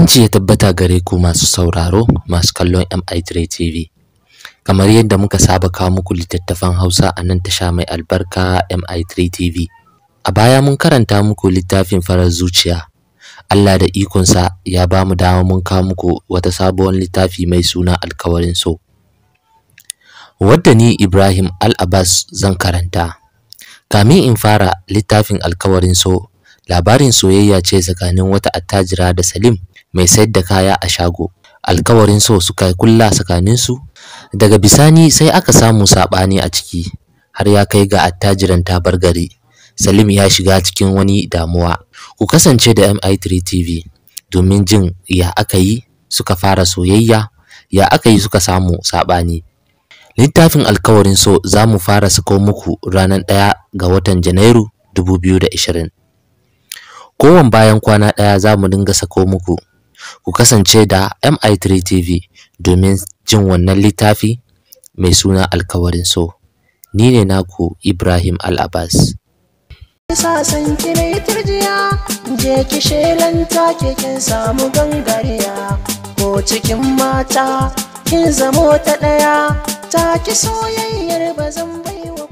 Aminci ya tabbata gare ku masu sauraro masu kallon MI3 TV. Kamar yadda muka saba kawo muku littattafan Hausa a nan ta sha mai albarka MI3 TV. A baya mun karanta muku littafin farar zuciya. Allah da ikonsa ya ba mu dama mun kawo muku wata sabuwar littafi mai suna alkawarin so. Wadda ni Ibrahim Al-Abbas zan karanta. Kamin in fara littafin alkawarin so labarin soyayya ce tsakanin wata attajira da Salim mai sayar da kaya a shago alkawarin so suka kulla su daga bisani sai aka samu saɓani a ciki har ya kai ga attajiran tabar gari salim ya shiga cikin wani damuwa ku kasance da mi3 tv domin jin ya aka yi suka fara soyayya ya aka yi suka samu saɓani littafin alkawarin so za mu fara sako muku ranar ɗaya ga watan janairu 2020 kowan bayan kwana ɗaya za mu dinga sako muku ku kasance da MI3 TV domin jin wannan littafi mai suna alkawarin so. Ni ne naku Ibrahim Al-Abbas. Sasan kinai turjiya, je ki shelanta ke kin samu gangariya, ko cikin mata kin zamo ta ɗaya, ta ki soyayyar bazan baiwa